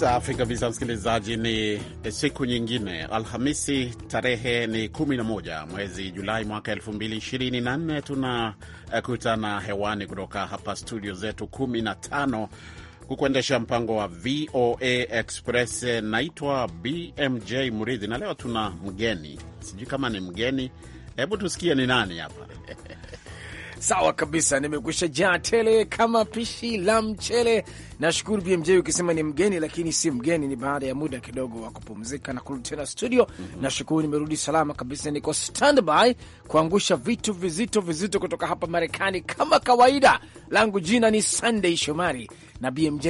Safi kabisa, msikilizaji, ni siku nyingine, Alhamisi tarehe ni 11 mwezi Julai mwaka 2024. Tunakutana hewani kutoka hapa studio zetu 15 kukuendesha mpango wa VOA Express. Naitwa BMJ Muridhi na leo tuna mgeni, sijui kama ni mgeni, hebu tusikie ni nani hapa Sawa kabisa, nimekwisha jaa tele kama pishi la mchele. Nashukuru BMJ, ukisema ni mgeni lakini si mgeni, ni baada ya muda kidogo wa kupumzika na kurudi tena studio. mm -hmm. Nashukuru nimerudi salama kabisa, niko standby kuangusha vitu vizito vizito kutoka hapa Marekani kama kawaida. Langu jina ni Sunday Shomari na BMJ,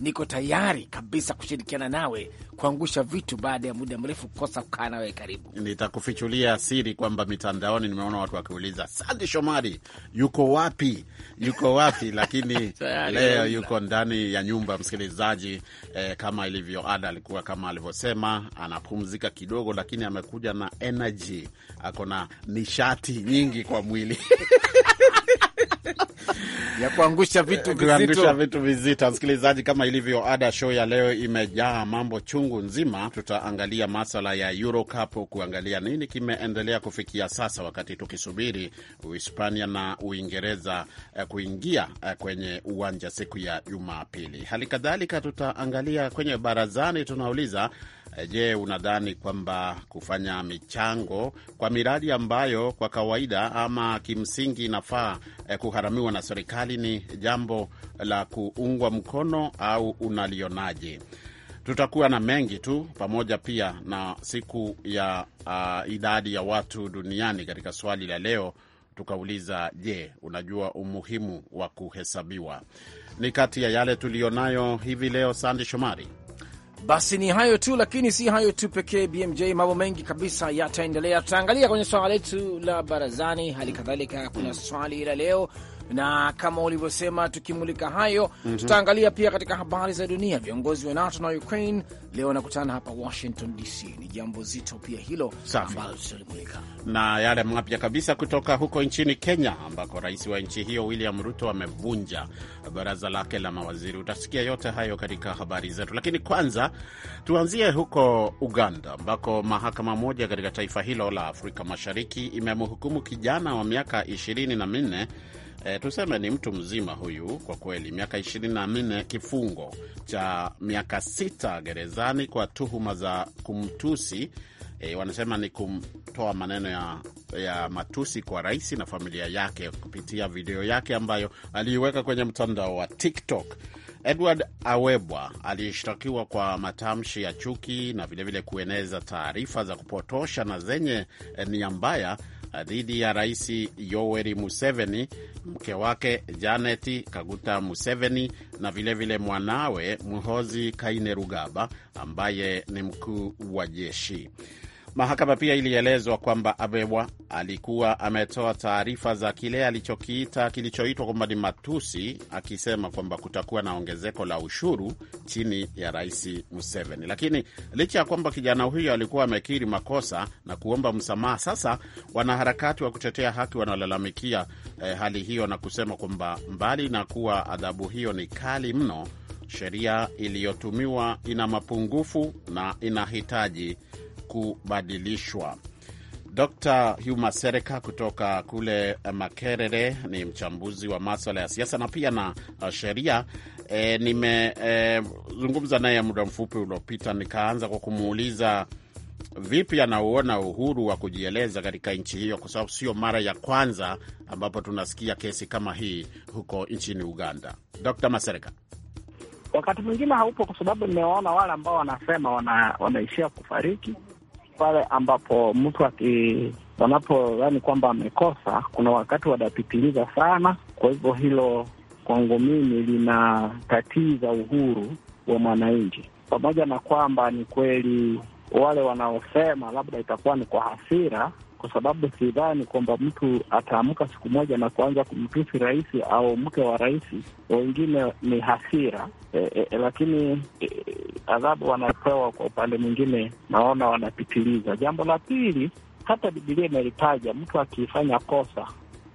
niko tayari kabisa kushirikiana nawe kuangusha vitu baada ya muda mrefu kukosa kukaa nawe karibu. Nitakufichulia siri kwamba mitandaoni nimeona watu wakiuliza Sandi Shomari yuko wapi, yuko wapi? lakini leo yuko ndani ya nyumba msikilizaji. Eh, kama ilivyo ada, alikuwa kama alivyosema anapumzika kidogo, lakini amekuja na energy, ako na nishati nyingi kwa mwili ya kuangusha vitu eh, vizito, vitu vizito. Msikilizaji, kama ilivyo ada, show ya leo imejaa mambo chungu nzima. Tutaangalia maswala ya Euro kuangalia nini kimeendelea kufikia sasa, wakati tukisubiri Uhispania na Uingereza eh, kuingia eh, kwenye uwanja siku ya Jumapili. Hali kadhalika tutaangalia kwenye barazani, tunauliza Je, unadhani kwamba kufanya michango kwa miradi ambayo kwa kawaida ama kimsingi inafaa eh, kugharamiwa na serikali ni jambo la kuungwa mkono au unalionaje? Tutakuwa na mengi tu, pamoja pia na siku ya uh, idadi ya watu duniani. Katika swali la leo tukauliza, je, unajua umuhimu wa kuhesabiwa? Ni kati ya yale tuliyonayo hivi leo. Sande Shomari. Basi ni hayo tu, lakini si hayo tu pekee. BMJ, mambo mengi kabisa yataendelea. Tutaangalia kwenye swala letu la barazani, hali kadhalika kuna swali la leo na kama ulivyosema, tukimulika hayo mm -hmm. Tutaangalia pia katika habari za dunia, viongozi wa NATO na Ukraine leo wanakutana hapa Washington DC. Ni jambo zito pia hilo ambalo tutalimulika, na yale mapya kabisa kutoka huko nchini Kenya ambako rais wa nchi hiyo William Ruto amevunja baraza lake la mawaziri. Utasikia yote hayo katika habari zetu, lakini kwanza tuanzie huko Uganda ambako mahakama moja katika taifa hilo la Afrika Mashariki imemhukumu kijana wa miaka ishirini na minne e, tuseme ni mtu mzima huyu kwa kweli, miaka ishirini na nne kifungo cha miaka sita gerezani kwa tuhuma za kumtusi E, wanasema ni kumtoa maneno ya, ya matusi kwa rais na familia yake kupitia video yake ambayo aliiweka kwenye mtandao wa TikTok. Edward Awebwa alishtakiwa kwa matamshi ya chuki na vilevile kueneza taarifa za kupotosha na zenye eh, nia mbaya dhidi ya Rais Yoweri Museveni, mke wake Janet Kaguta Museveni na vilevile vile mwanawe Muhozi Kainerugaba ambaye ni mkuu wa jeshi. Mahakama pia ilielezwa kwamba Abewa alikuwa ametoa taarifa za kile alichokiita kilichoitwa kwamba ni matusi, akisema kwamba kutakuwa na ongezeko la ushuru chini ya Rais Museveni. Lakini licha ya kwamba kijana huyo alikuwa amekiri makosa na kuomba msamaha, sasa wanaharakati wa kutetea haki wanalalamikia eh, hali hiyo na kusema kwamba mbali na kuwa adhabu hiyo ni kali mno, sheria iliyotumiwa ina mapungufu na inahitaji kubadilishwa. Dr Huma Sereka kutoka kule Makerere ni mchambuzi wa maswala ya siasa na pia na uh, sheria. E, nimezungumza e, naye muda mfupi uliopita, nikaanza kwa kumuuliza vipi anauona uhuru wa kujieleza katika nchi hiyo, kwa sababu sio mara ya kwanza ambapo tunasikia kesi kama hii huko nchini Uganda. Dr Masereka, wakati mwingine haupo, kwa sababu nimewaona wale ambao wanasema wanaishia kufariki pale ambapo mtu aki wanapodhani kwamba amekosa, kuna wakati wanapitiliza sana. Kwa hivyo hilo kwangu mimi linatatiza uhuru wa mwananchi, pamoja na kwamba ni kweli wale wanaosema labda itakuwa ni kwa hasira, kwa sababu sidhani kwamba mtu ataamka siku moja na kuanza kumtusi rais au mke wa rais. Wengine ni hasira e, e, e lakini e, adhabu wanapewa kwa upande mwingine, naona wanapitiliza. Jambo la pili, hata Bibilia imelitaja mtu akifanya kosa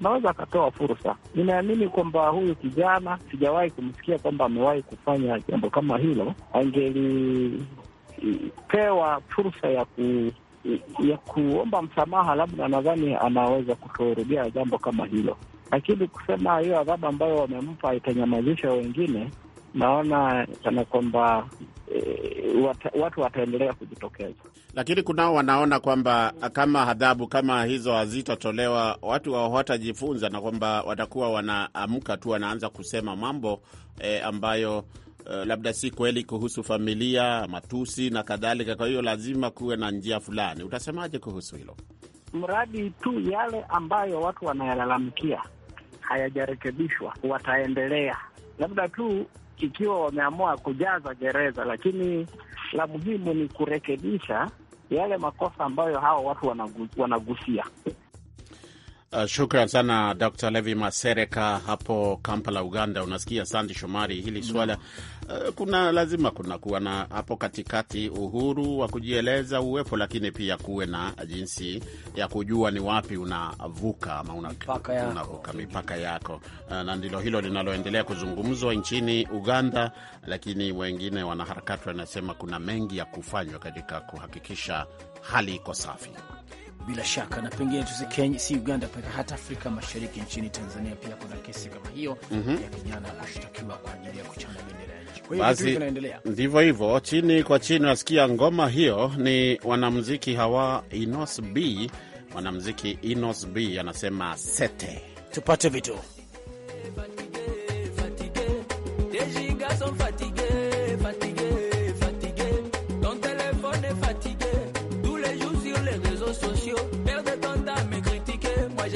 naweza akatoa fursa. Ninaamini kwamba huyu kijana, sijawahi kumsikia kwamba amewahi kufanya jambo kama hilo, angelipewa e, fursa ya ku ya kuomba msamaha, labda nadhani anaweza kutorudia jambo kama hilo, lakini kusema hiyo adhabu ambayo wamempa itanyamazisha wengine, naona kana kwamba e, eh, wat, watu wataendelea kujitokeza. Lakini kunao wanaona kwamba kama adhabu kama hizo hazitatolewa, watu hawatajifunza na kwamba watakuwa wanaamka tu wanaanza kusema mambo e, ambayo Eh, labda si kweli kuhusu familia, matusi na kadhalika. Kwa hiyo lazima kuwe na njia fulani. Utasemaje kuhusu hilo? Mradi tu yale ambayo watu wanayalalamikia hayajarekebishwa, wataendelea labda tu ikiwa wameamua kujaza gereza, lakini la muhimu ni kurekebisha yale makosa ambayo hawa watu wanagusia. Uh, shukran sana Dr. Levi Masereka hapo Kampala, Uganda. Unasikia Sandi Shomari, hili swala uh, kuna lazima kunakuwa na hapo katikati uhuru wa kujieleza uwepo, lakini pia kuwe na jinsi ya kujua ni wapi unavuka ama unavuka una mipaka yako, uh, na ndilo hilo linaloendelea kuzungumzwa nchini Uganda, lakini wengine wanaharakati wanasema kuna mengi ya kufanywa katika kuhakikisha hali iko safi bila shaka, na pengine tusikenya si Uganda pekee, hata Afrika Mashariki, nchini Tanzania pia kuna kesi kama hiyo mm -hmm. ya kijana kushtakiwa kwa ajili ya kuchana bendera ya nchi. Basi ndivyo hivyo, chini kwa chini wasikia ngoma hiyo. Ni wanamziki hawa, Inos B, mwanamziki Inos B anasema sete, tupate vitu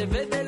Vete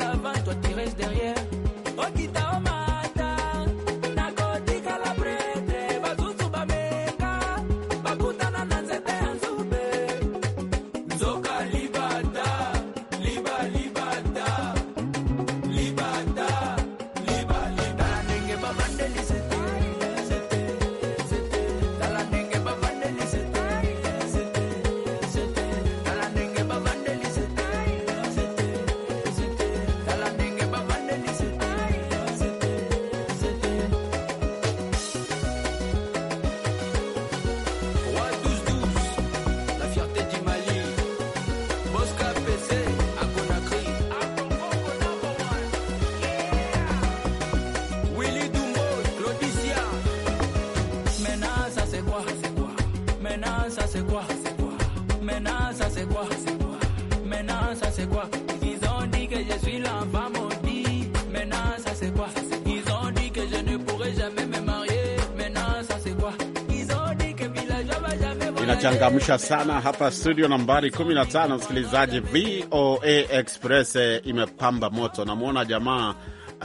kuchangamsha sana hapa studio nambari 15, msikilizaji. VOA Express eh, imepamba moto. Namwona jamaa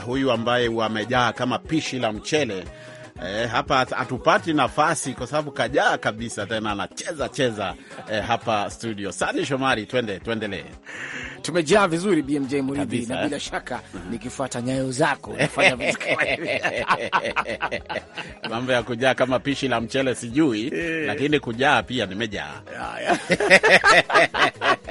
huyu ambaye wamejaa kama pishi la mchele eh, hapa hatupati nafasi kwa sababu kajaa kabisa, tena anacheza cheza, eh, hapa studio. Sani Shomari, twende tuendelee tumejaa vizuri BMJ Muridhi, na bila eh? shaka mhm. nikifuata nyayo zako nafanya mambo ya kujaa kama pishi la mchele sijui, eh. lakini kujaa pia nimejaa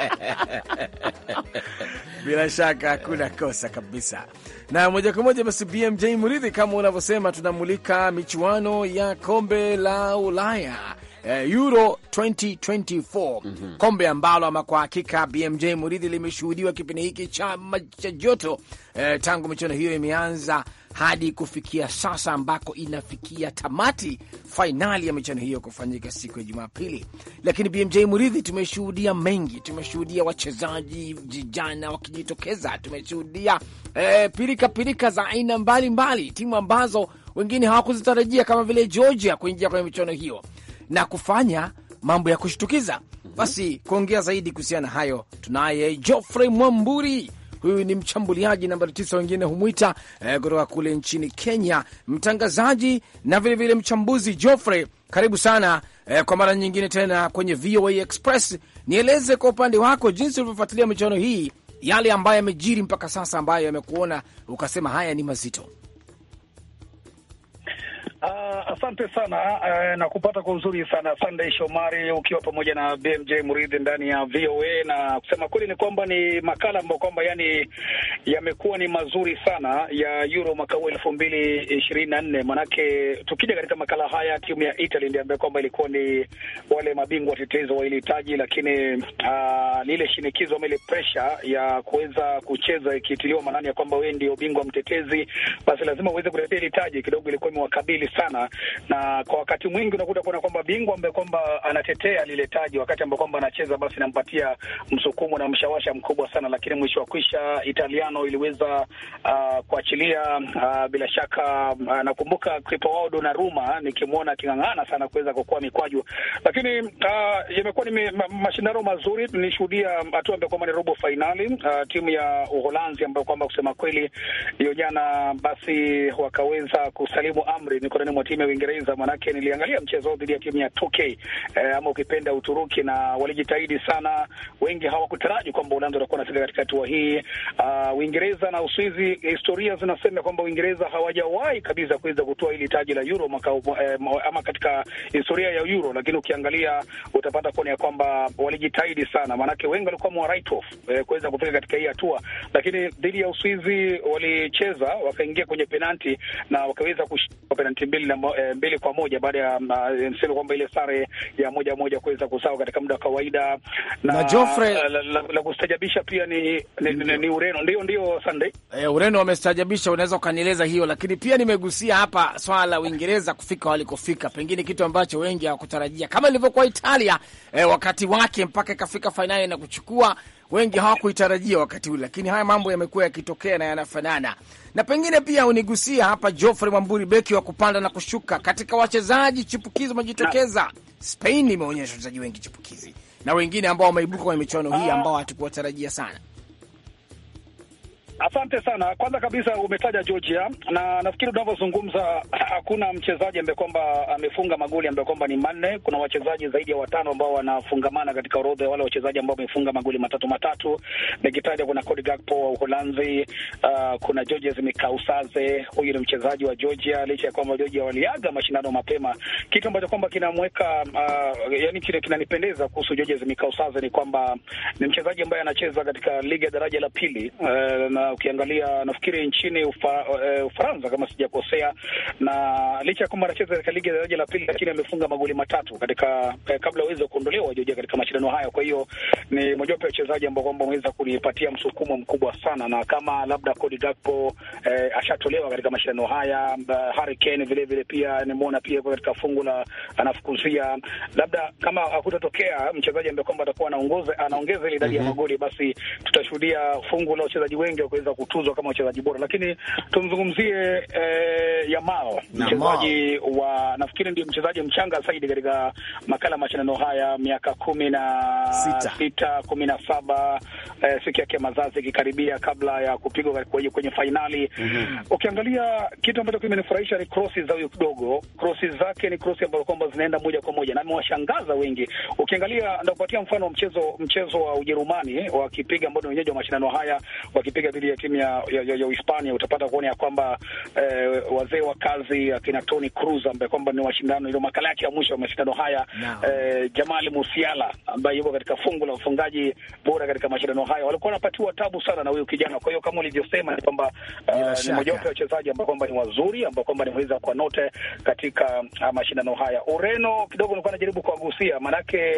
bila shaka hakuna eh. kosa kabisa. Na moja kwa moja basi, BMJ Muridhi, kama unavyosema, tunamulika michuano ya kombe la Ulaya eh, Euro 2024 mm -hmm. kombe ambalo ama kwa hakika BMJ Muridhi limeshuhudiwa kipindi hiki cha, cha joto eh, tangu michuano hiyo imeanza hadi kufikia sasa ambako inafikia tamati fainali ya michuano hiyo kufanyika siku ya Jumapili. Lakini BMJ Muridhi, tumeshuhudia mengi, tumeshuhudia wachezaji vijana wakijitokeza, tumeshuhudia eh, pirika pirika za aina mbalimbali, timu ambazo wengine hawakuzitarajia kama vile Georgia kuingia kwenye michuano hiyo, na kufanya mambo ya kushtukiza. Basi kuongea zaidi kuhusiana na hayo tunaye Geoffrey Mwamburi. Huyu ni mchambuliaji nambari tisa, wengine humwita eh, kutoka kule nchini Kenya, mtangazaji na vilevile vile mchambuzi. Geoffrey, karibu sana eh, kwa mara nyingine tena kwenye VOA Express. Nieleze kwa upande wako jinsi ulivyofuatilia michuano hii, yale ambayo yamejiri mpaka sasa, ambayo yamekuona ukasema haya ni mazito. Uh, asante sana uh, na kupata kwa uzuri sana Sunday Shomari, ukiwa pamoja na BMJ Muridhi ndani ya VOA, na kusema kweli ni kwamba ni makala ambayo kwamba yani yamekuwa ni mazuri sana ya Euro mwaka huu elfu mbili ishirini na nne. Manake tukija katika makala haya, timu ya Italy ndio ambayo kwamba ilikuwa ni wale mabingwa watetezi wa ile taji, lakini uh, lile shinikizo ama ile ya kuweza kucheza ikitiliwa maanani ya kwamba wewe ndio bingwa mtetezi, basi lazima uweze kutetea ile taji, kidogo ilikuwa imewakabili sana, na kwa wakati mwingi unakuta kuna kwamba bingwa ambaye kwamba anatetea lile taji wakati ambao kwamba anacheza, basi nampatia msukumo na mshawasha mkubwa sana, lakini mwisho wa kwisha Italiano iliweza uh, kuachilia uh, bila shaka uh, nakumbuka kripo wao Donnarumma nikimwona aking'ang'ana sana kuweza kukua mikwaju, lakini uh, yamekuwa ni mashindano mazuri. Nilishuhudia hatua ambayo kwamba ni robo fainali uh, timu ya Uholanzi ambayo kwamba kusema kweli hiyo jana basi wakaweza kusalimu amri. Niko mikononi mwa timu ya Uingereza, manake niliangalia mchezo dhidi ya timu ya Turkey eh, ama ukipenda Uturuki, na walijitahidi sana. Wengi hawakutaraji kwamba Uholanzi watakuwa nafika katika hatua hii. Uh, Uingereza na Uswizi, historia zinasema kwamba Uingereza hawajawahi kabisa kuweza kutoa ili taji la Euro maka, eh, ama katika historia ya Euro, lakini ukiangalia utapata kuona ya kwamba walijitahidi sana, manake wengi walikuwa mwa write off eh, kuweza kufika katika hii hatua, lakini dhidi ya Uswizi walicheza wakaingia kwenye penalti na wakaweza kushinda penalti mbili na eh, mbili kwa moja baada ya niseme kwamba ile sare ya moja moja kuweza kusawa katika muda wa kawaida na, na Joffre... la, la, la, la kustajabisha pia ni, ni, ni, ni Ureno ndio ndio Sunday e, Ureno wamestajabisha, unaweza ukanieleza hiyo, lakini pia nimegusia hapa swala la Uingereza kufika walikofika, pengine kitu ambacho wengi hawakutarajia kama ilivyokuwa Italia e, wakati wake mpaka ikafika fainali na kuchukua wengi hawakuitarajia wakati ule, lakini haya mambo yamekuwa yakitokea na yanafanana. Na pengine pia unigusia hapa, Geoffrey Mwamburi, beki wa kupanda na kushuka, katika wachezaji chipukizi wamejitokeza. Spain imeonyesha wachezaji wengi chipukizi na wengine ambao wameibuka kwenye michuano hii ah. ambao hatukuwatarajia sana. Asante sana. Kwanza kabisa umetaja Georgia na nafikiri unavyozungumza, hakuna mchezaji ambaye kwamba amefunga magoli ambaye kwamba ni manne. Kuna wachezaji zaidi ya watano ambao wanafungamana katika orodha ya wale wachezaji ambao wamefunga magoli matatu matatu. Nikitaja kuna Cody Gakpo wa Uholanzi, uh, kuna Georges Mikausaze, huyu ni mchezaji wa Georgia, licha ya kwamba Georgia waliaga mashindano mapema, kitu ambacho kwamba kinamweka uh, yani kile kinanipendeza kuhusu Georges Mikausaze ni kwamba ni mchezaji ambaye anacheza katika ligi ya daraja la pili uh, na ukiangalia nafikiri nchini ufa, uh, Ufaransa kama sijakosea, na licha ya kwamba anacheza katika ligi ya daraja la pili, lakini amefunga magoli matatu katika eh, kabla aweze kuondolewa wajoja katika mashindano hayo. Kwa hiyo ni mojawapo ya wachezaji ambao kwamba ameweza kunipatia msukumo mkubwa sana, na kama labda Cody Gakpo eh, ashatolewa katika mashindano haya, Harry Kane vile vile pia nimeona pia katika fungu la anafukuzia, labda kama hakutatokea mchezaji ambaye kwamba atakuwa anaongoza anaongeza ile idadi mm -hmm. ya mhm. magoli, basi tutashuhudia fungu la wachezaji wengi wa kuweza kutuzwa kama wachezaji bora, lakini tumzungumzie eh, Yamal mchezaji wa nafikiri ndio mchezaji mchanga zaidi katika makala mashindano haya, miaka kumi na sita, kumi na saba eh, siku yake ya mazazi ikikaribia kabla ya kupigwa kwenye, kwenye fainali mm -hmm. Ukiangalia kitu ambacho kimenifurahisha ni krosi za huyo kidogo, krosi zake ni krosi ambazo kwamba zinaenda moja kwa moja na amewashangaza wengi. Ukiangalia ndakupatia mfano mchezo mchezo wa Ujerumani wakipiga ambao ni wenyeji wa mashindano haya wakipiga dhidi ya timu ya, ya, ya, ya Uhispania, utapata kuona ya kwamba eh, wazee wa kazi akina Tony Cruz ambaye kwamba ni washindano, ndio makala yake ya mwisho ya mashindano haya no. Eh, Jamal Musiala ambaye yuko katika fungu la ufungaji bora katika mashindano haya walikuwa wanapatiwa tabu sana na huyu kijana. Kwa hiyo kama ulivyosema ni kwamba uh, ni mojawapo ya wachezaji ambao kwamba ni wazuri ambao kwamba niweza kwa note katika uh, mashindano haya. Ureno kidogo nilikuwa najaribu kuwagusia, manake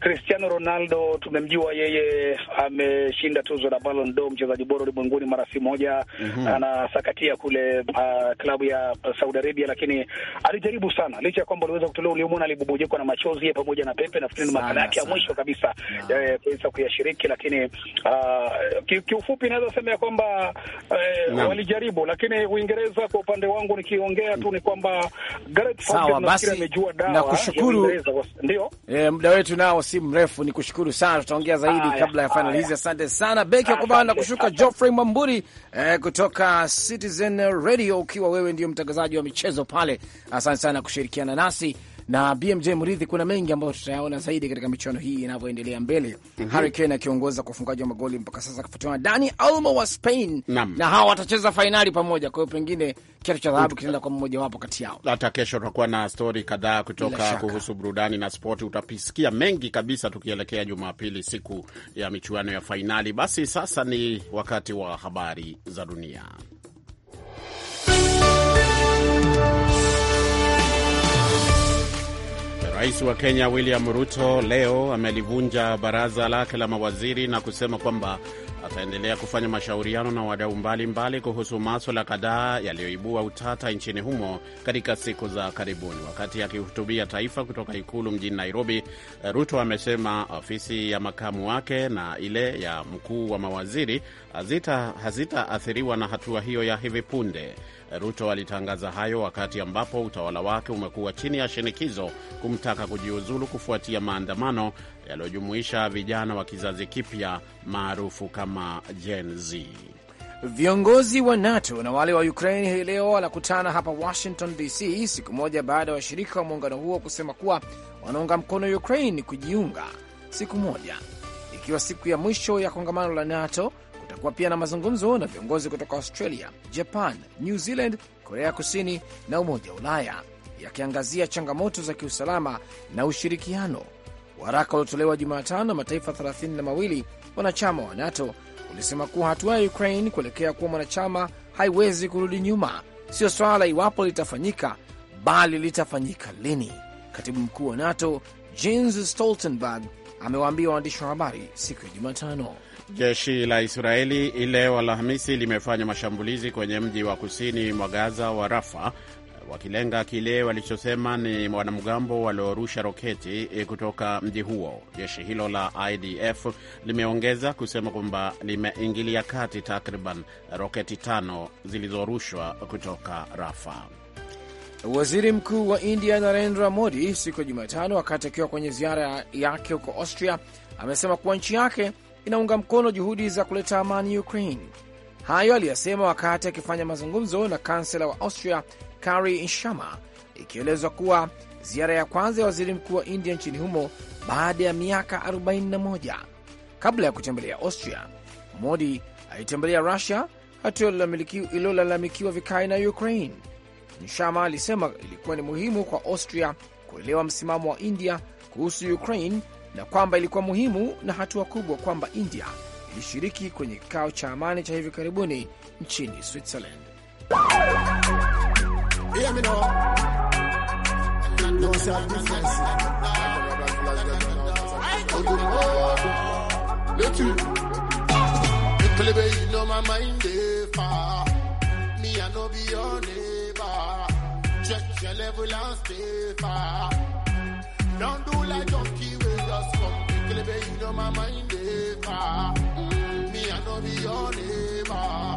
Cristiano Ronaldo tumemjua yeye ameshinda tuzo la Ballon d'Or, mchezaji bora ulimwenguni mara si moja mm -hmm. Anasakatia kule uh, klabu ya Saudi Arabia, lakini alijaribu sana, licha ya kwamba aliweza kutolewa ulimwona, alibubujikwa na machozi pamoja na pepe. Nafikiri ni makala yake ya mwisho kabisa ya eh, kuweza kuyashiriki, lakini uh, kiufupi ki naweza sema ya kwamba uh, walijaribu, lakini Uingereza kwa upande wangu nikiongea tu ni kwamba Gareth Southgate amejua dawa na kushukuru, ndio eh, muda wetu nao si mrefu, nikushukuru sana, tutaongea zaidi ah, kabla ya ah, finalizi. Asante sana beki wa kubana na kushuka Geoffrey Godfrey Mwamburi eh, kutoka Citizen Radio, ukiwa wewe ndio mtangazaji wa michezo pale. Asante sana kushirikiana nasi na BMJ mridhi kuna mengi ambayo tutayaona zaidi katika michuano hii inavyoendelea mbele. mm -hmm. Harry Kane akiongoza kwa ufungaji wa magoli mpaka sasa kufuatiwa na Dani Almo wa Spain Nam. na hawa watacheza fainali pamoja, kwa hiyo pengine kiatu cha dhahabu kitaenda kwa mmojawapo kati yao. Hata kesho tutakuwa na stori kadhaa kutoka kuhusu burudani na spoti, utapisikia mengi kabisa tukielekea Jumapili, siku ya michuano ya fainali. Basi sasa ni wakati wa habari za dunia. Rais wa Kenya William Ruto leo amelivunja baraza lake la mawaziri na kusema kwamba ataendelea kufanya mashauriano na wadau mbalimbali kuhusu maswala kadhaa yaliyoibua utata nchini humo katika siku za karibuni. Wakati akihutubia taifa kutoka ikulu mjini Nairobi, Ruto amesema ofisi ya makamu wake na ile ya mkuu wa mawaziri hazitaathiriwa hazita na hatua hiyo ya hivi punde. Ruto alitangaza hayo wakati ambapo utawala wake umekuwa chini ya shinikizo kumtaka kujiuzulu kufuatia maandamano yaliyojumuisha vijana wa kizazi kipya maarufu kama Gen Z. Viongozi wa NATO na wale wa Ukraine hii leo wanakutana hapa Washington DC, siku moja baada ya washirika wa muungano huo kusema kuwa wanaunga mkono Ukraine kujiunga, siku moja ikiwa siku ya mwisho ya kongamano la NATO Kutakuwa pia na mazungumzo na viongozi kutoka Australia, Japan, New Zealand, Korea Kusini na Umoja wa Ulaya yakiangazia changamoto za kiusalama na ushirikiano. Waraka uliotolewa Jumatano mataifa 32 wanachama wa NATO ulisema kuwa hatua ya Ukraine kuelekea kuwa mwanachama haiwezi kurudi nyuma. Sio swala iwapo litafanyika, bali litafanyika lini. Katibu mkuu wa NATO Jens Stoltenberg amewaambia waandishi wa habari siku ya Jumatano. Jeshi la Israeli leo Alhamisi limefanya mashambulizi kwenye mji wa kusini mwa Gaza wa Rafa, wakilenga kile walichosema ni wanamgambo waliorusha roketi eh, kutoka mji huo. Jeshi hilo la IDF limeongeza kusema kwamba limeingilia kati takriban roketi tano zilizorushwa kutoka Rafa. Waziri Mkuu wa India Narendra Modi siku ya Jumatano, wakati akiwa kwenye ziara yake huko Austria, amesema kuwa nchi yake inaunga mkono juhudi za kuleta amani Ukraine. Hayo aliyasema wakati akifanya mazungumzo na kansela wa Austria Kari Nshama, ikielezwa kuwa ziara ya kwanza ya waziri mkuu wa India nchini humo baada ya miaka 41. Kabla ya kutembelea Austria, Modi alitembelea Rusia, hatua iliyolalamikiwa vikali na Ukraine. Nshama alisema ilikuwa ni muhimu kwa Austria kuelewa msimamo wa India kuhusu Ukraine na kwamba ilikuwa muhimu na hatua kubwa kwamba India ilishiriki kwenye kikao cha amani cha hivi karibuni nchini Switzerland. just come quickly, baby, you know my mind never. Mm, me, I know be your neighbor.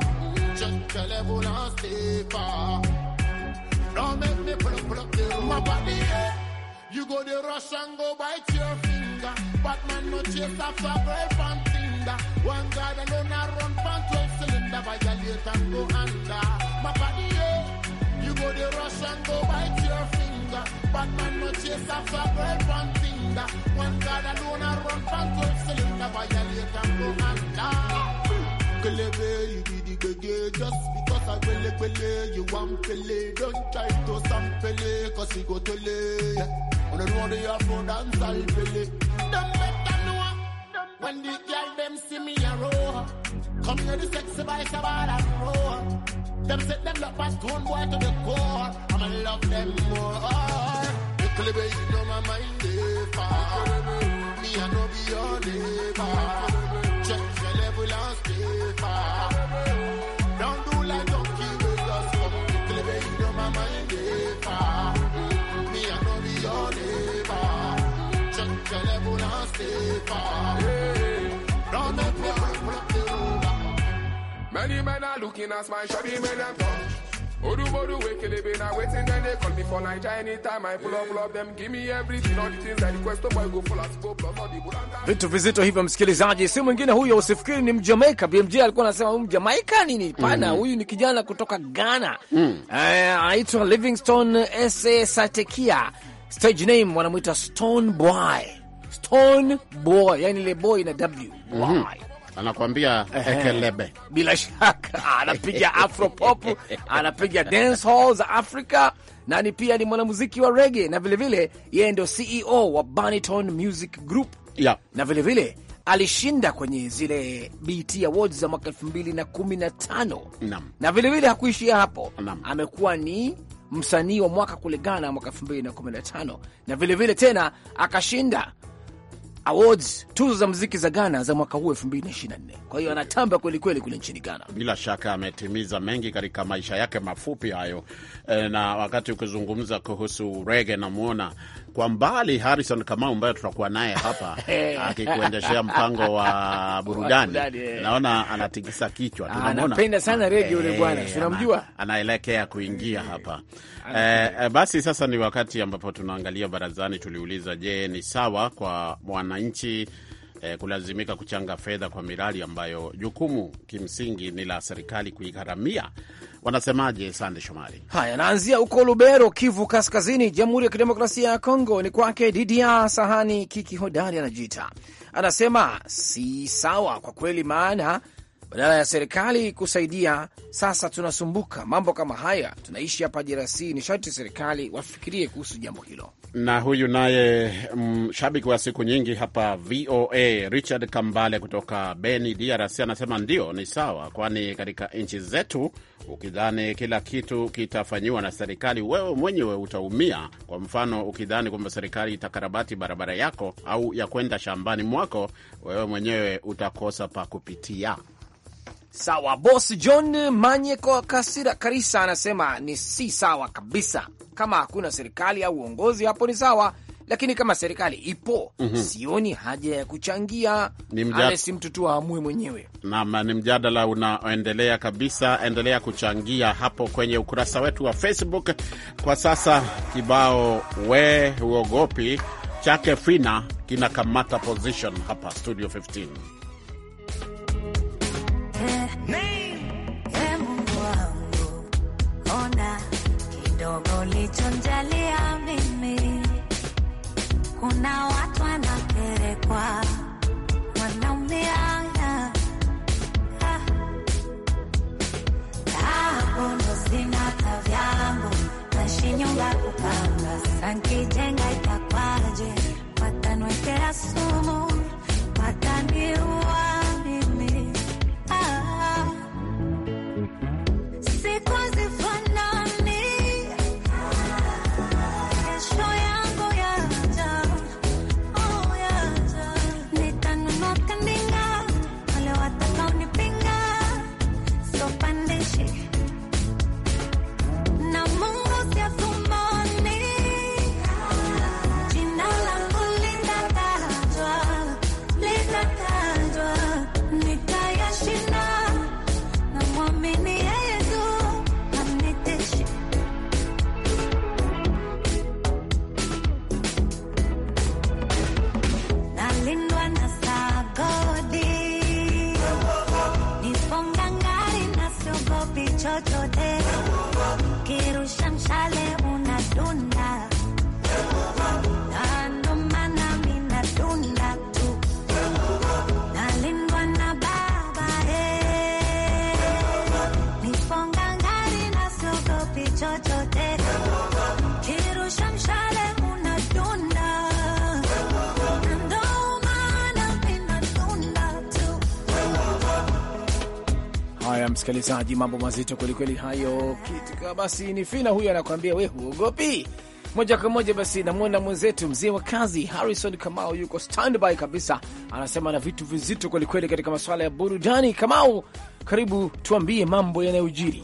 Just telephone and paper. Don't make me pull up, pull up the my body. Yeah. You go the rush and go bite your finger. But man, no chase after breath and tinder. One guy alone do run from 12 cylinder. by Violate and go under. My body, yeah. You go the rush and go bite your finger soldier. But man no chase after girl from Tinder. One God alone a run from gold cylinder. Violate and go under. Kelebe, you be the gege. Just because I wele wele, you want pele. Don't try to sample, cause you go to lay. On the road you have to dance, all pele. Them better know when the girl them see me a roar. Come here the sexy bike about and roar. Them set them up a stone boy to the core. I'ma love them more. Little baby, you know my mind, they far. Me, I know be your neighbor. Many men are looking at my shabby men and come. Odu bodu wake they been waiting then they call me for night anytime I pull up pull up them give me everything all the things I request boy go full as go plus all the bulanda. Vitu vizito hivyo msikilizaji, si mwingine huyo, usifikiri ni Mjamaika. BMJ alikuwa anasema huyu Mjamaika nini? Pana, mm. huyu ni kijana kutoka Ghana. Mm. Eh, Aitwa Livingstone SA Satekia. Stage name wanamuita Stone Boy. Stone Boy, yani le boy na W. Boy. Mhm anakwambia ekelebe. Bila shaka anapiga afropop, anapiga dance hall za africa na ni pia ni mwanamuziki wa rege na vilevile yeye ndio CEO wa Banton Music Group yeah. Na vilevile vile, alishinda kwenye zile BT Awards za mwaka elfu mbili na kumi na tano na vilevile hakuishia hapo Nam. Amekuwa ni msanii wa mwaka kule Ghana mwaka elfu mbili na kumi na tano na vilevile vile tena akashinda Awards, tuzo za muziki za Ghana za mwaka huu 2024. Kwa hiyo anatamba kweli kweli kule nchini Ghana. Bila shaka ametimiza mengi katika maisha yake mafupi hayo. E, na wakati ukizungumza kuhusu rege, namwona kwa mbali Harrison Kamau ambaye tutakuwa naye hapa akikuendeshea mpango wa burudani eh. naona anatikisa kichwa, ah, anapenda sana ah, redio yule eh, bwana, tunamjua anaelekea kuingia eh, hapa eh, Basi sasa ni wakati ambapo tunaangalia barazani. Tuliuliza, je, ni sawa kwa mwananchi eh, kulazimika kuchanga fedha kwa miradi ambayo jukumu kimsingi ni la serikali kuigharamia wanasemaje? Sande Shomari. Haya, naanzia huko Lubero, Kivu Kaskazini, Jamhuri ya Kidemokrasia ya Kongo. Ni kwake Didia Sahani Kiki Hodari anajiita, anasema si sawa kwa kweli, maana badala ya serikali kusaidia. Sasa tunasumbuka mambo kama haya, tunaishi hapa DRC. Ni sharti serikali wafikirie kuhusu jambo hilo. Na huyu naye mshabiki mm, wa siku nyingi hapa VOA Richard Kambale kutoka Beni, DRC, anasema ndio, ni sawa, kwani katika nchi zetu ukidhani kila kitu kitafanyiwa na serikali, wewe mwenyewe utaumia. Kwa mfano, ukidhani kwamba serikali itakarabati barabara yako au ya kwenda shambani mwako, wewe mwenyewe utakosa pa kupitia. Sawa, boss John Manyeko Kasira Karisa anasema ni si sawa kabisa. Kama hakuna serikali au uongozi hapo ni sawa, lakini kama serikali ipo mm -hmm. sioni haja ya kuchangia mjad... si mtoto aamue mwenyewe. Naam, ni mjadala unaoendelea kabisa. Endelea kuchangia hapo kwenye ukurasa wetu wa Facebook. Kwa sasa kibao we huogopi chake Fina kinakamata position hapa studio 15. kidogo lichonjalia mimi. Kuna watu wanakerekwa, wanaumia agondo sina nyumba kupanga, sankijenga itakwaje? watanwekea sumu chochote, sale una luna. Haya msikilizaji, mambo mazito kwelikweli hayo. Kitika basi ni fina huyo anakuambia we huogopi moja kwa moja. Basi namwona mwenzetu mzee wa kazi Harrison Kamau yuko standby kabisa, anasema na vitu vizito kwelikweli katika masuala ya burudani. Kamau, karibu tuambie mambo yanayojiri.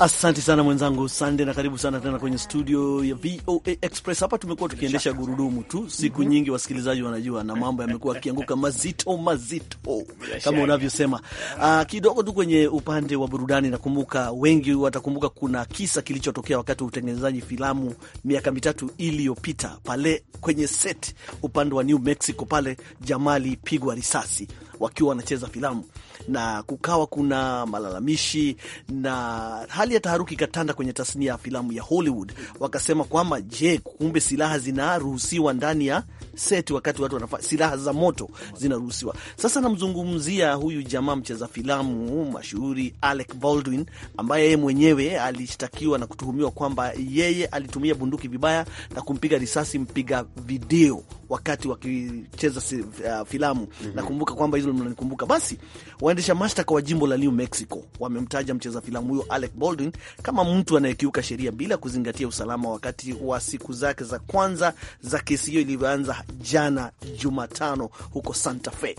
Asante sana mwenzangu Sande, na karibu sana tena kwenye studio ya VOA Express. Hapa tumekuwa tukiendesha gurudumu tu mhm. siku nyingi, wasikilizaji wanajua, na mambo yamekuwa akianguka mazito mazito kama unavyosema. Uh, kidogo tu kwenye upande wa burudani, nakumbuka wengi watakumbuka kuna kisa kilichotokea wakati wa utengenezaji filamu miaka mitatu iliyopita pale kwenye set upande wa New Mexico pale, jamaa alipigwa risasi wakiwa wanacheza filamu na kukawa kuna malalamishi na hali ya taharuki ikatanda kwenye tasnia ya filamu ya Hollywood. Wakasema kwamba je, kumbe silaha zinaruhusiwa ndani ya seti, wakati watu wanafanya silaha za moto zinaruhusiwa. Sasa namzungumzia huyu jamaa mcheza filamu mashuhuri Alec Baldwin, ambaye yeye mwenyewe alishtakiwa na kutuhumiwa kwamba yeye alitumia bunduki vibaya na kumpiga risasi mpiga video wakati wakicheza uh, filamu mm -hmm. Nakumbuka kwamba hizo mnanikumbuka. Basi waendesha mashtaka wa jimbo la New Mexico wamemtaja mcheza filamu huyo Alec Baldwin kama mtu anayekiuka sheria bila kuzingatia usalama wakati wa siku zake za kwanza za kesi hiyo ilivyoanza jana Jumatano huko Santa Fe.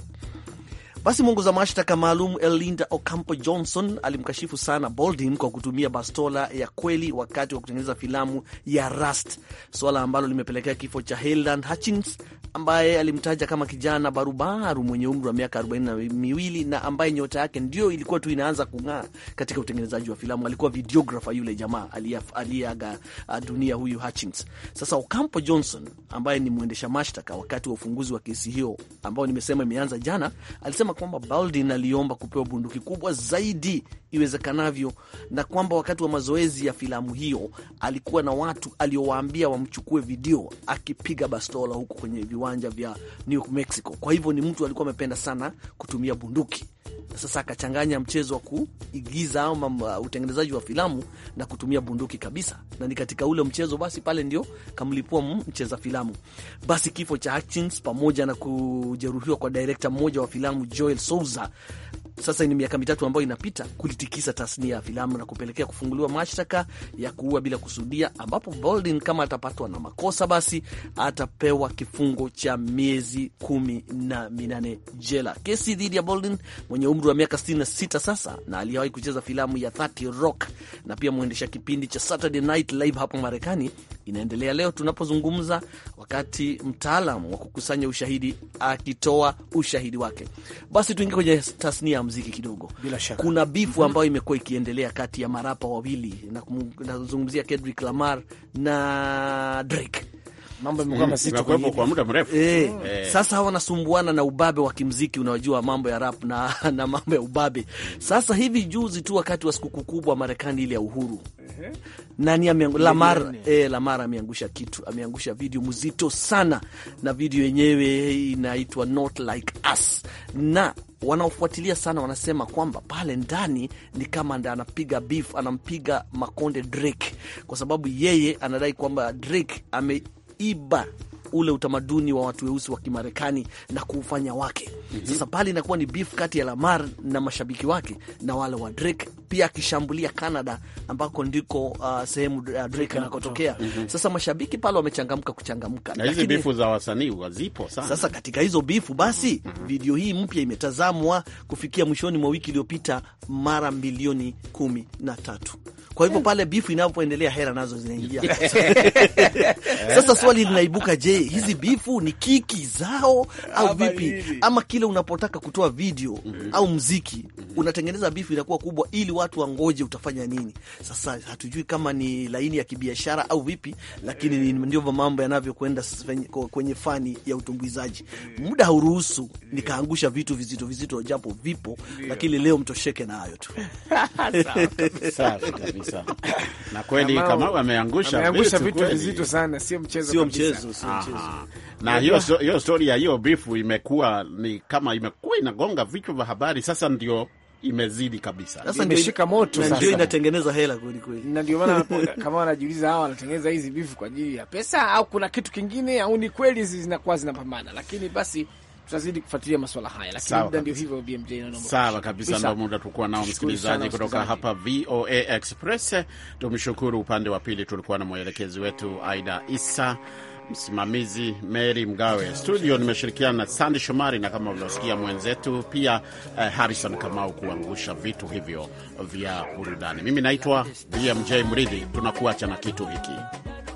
Basi mwongoza mashtaka maalum Ellinda Ocampo Johnson alimkashifu sana Boldin kwa kutumia bastola ya kweli wakati wa kutengeneza filamu ya Rust, suala ambalo limepelekea kifo cha heland Hutchins ambaye alimtaja kama kijana barubaru mwenye umri wa miaka arobaini na miwili na ambaye nyota yake ndio ilikuwa tu inaanza kung'aa katika utengenezaji wa filamu. Alikuwa videographer yule jamaa aliyeaga uh, dunia huyu Hutchins. Sasa Ocampo Johnson ambaye ni mwendesha mashtaka wakati wa ufunguzi wa kesi hiyo ambayo nimesema imeanza jana, alisema kwamba Baldwin aliomba kupewa bunduki kubwa zaidi iwezekanavyo, na kwamba wakati wa mazoezi ya filamu hiyo alikuwa na watu aliowaambia wamchukue video akipiga bastola huko kwenye viwanja vya New Mexico. Kwa hivyo ni mtu alikuwa amependa sana kutumia bunduki. Sasa akachanganya mchezo wa kuigiza ama uh, utengenezaji wa filamu na kutumia bunduki kabisa, na ni katika ule mchezo basi pale ndio kamlipua mcheza filamu. Basi kifo cha Hutchins pamoja na kujeruhiwa kwa direkta mmoja wa filamu Joel Souza, sasa ni miaka mitatu ambayo inapita, kuli ilitikisa tasnia ya filamu na kupelekea kufunguliwa mashtaka ya kuua bila kusudia, ambapo Boldin kama atapatwa na makosa, basi atapewa kifungo cha miezi kumi na minane jela. Kesi dhidi ya Boldin mwenye umri wa miaka 66 sasa na aliyewahi kucheza filamu ya 30 Rock na pia mwendesha kipindi cha Saturday Night Live hapo Marekani inaendelea leo tunapozungumza, wakati mtaalam wa kukusanya ushahidi akitoa ushahidi wake. Basi tuingie kwenye tasnia ya muziki kidogo. Bila shaka kuna bifu ambayo imekuwa ikiendelea kati ya marapa wawili, nazungumzia Kendrick Lamar na Drake mambo yamekuwa mazito kwa muda mrefu e, e. Sasa hawa wanasumbuana na ubabe wa kimziki, unajua mambo ya rap na, na mambo ya ubabe. Sasa hivi juzi tu wakati wa sikukuu kubwa Marekani ile ya uhuru uh-huh. nani amiangu... Lamar, eh, Lamar ameangusha kitu, ameangusha video mzito sana, na video yenyewe inaitwa Not Like Us na wanaofuatilia sana wanasema kwamba pale ndani ni kama ndo anapiga beef, anampiga makonde Drake kwa sababu yeye anadai kwamba Drake ame Iba. ule utamaduni wa watu weusi wa Kimarekani na kuufanya wake. mm -hmm. Sasa pale inakuwa ni beef kati ya Lamar na mashabiki wake na wale wa Drake, pia akishambulia Canada ambako ndiko uh, sehemu uh, Drake anakotokea. mm -hmm. Sasa mashabiki pale wamechangamka kuchangamka, na hizi bifu za wasanii wazipo sana. Sasa katika hizo bifu basi, mm -hmm. video hii mpya imetazamwa kufikia mwishoni mwa wiki iliyopita mara milioni kumi na tatu. Kwa hivyo eh. pale bifu inapoendelea, hera nazo zinaingia. Sasa swali linaibuka, je, Eh, hizi bifu ni kiki zao au vipi? Ama kile unapotaka kutoa video mm -hmm. au mziki mm -hmm. unatengeneza bifu inakuwa kubwa ili watu wangoje utafanya nini. Sasa hatujui kama ni laini ya kibiashara au vipi, lakini mm eh. -hmm. ndio mambo yanavyokwenda kwenye fani ya utumbuizaji. Eh. Muda hauruhusu nikaangusha vitu vizito vizito, japo vipo lakini leo mtosheke na hayo tu na kweli kama ameangusha vitu vizito sana, sio mchezo, sio mchezo, sio ah na hiyo hiyo stori ya hiyo bifu imekuwa ni kama imekuwa inagonga vichwa vya habari, sasa ndio imezidi kabisa, sasa ndio imeshika moto, sasa, ndio inatengeneza hela kweli kweli. Na ndio maana kama wanajiuliza hawa wanatengeneza hizi bifu kwa ajili ya pesa au kuna kitu kingine, au ni kweli hizi zinakuwa zinapambana? Lakini basi tutazidi kufuatilia masuala haya, lakini muda ndio hivyo. BMJ na sawa kabisa, ndio muda tulikuwa nao, msikilizaji, kutoka hapa VOA Express. Tumshukuru upande wa pili, tulikuwa na mwelekezi wetu Aida Isa msimamizi Mary Mgawe, studio nimeshirikiana na Sandi Shomari na kama ulivyosikia mwenzetu pia eh, Harrison Kamau kuangusha vitu hivyo vya burudani. Mimi naitwa BMJ Mridhi, tunakuacha na kitu hiki.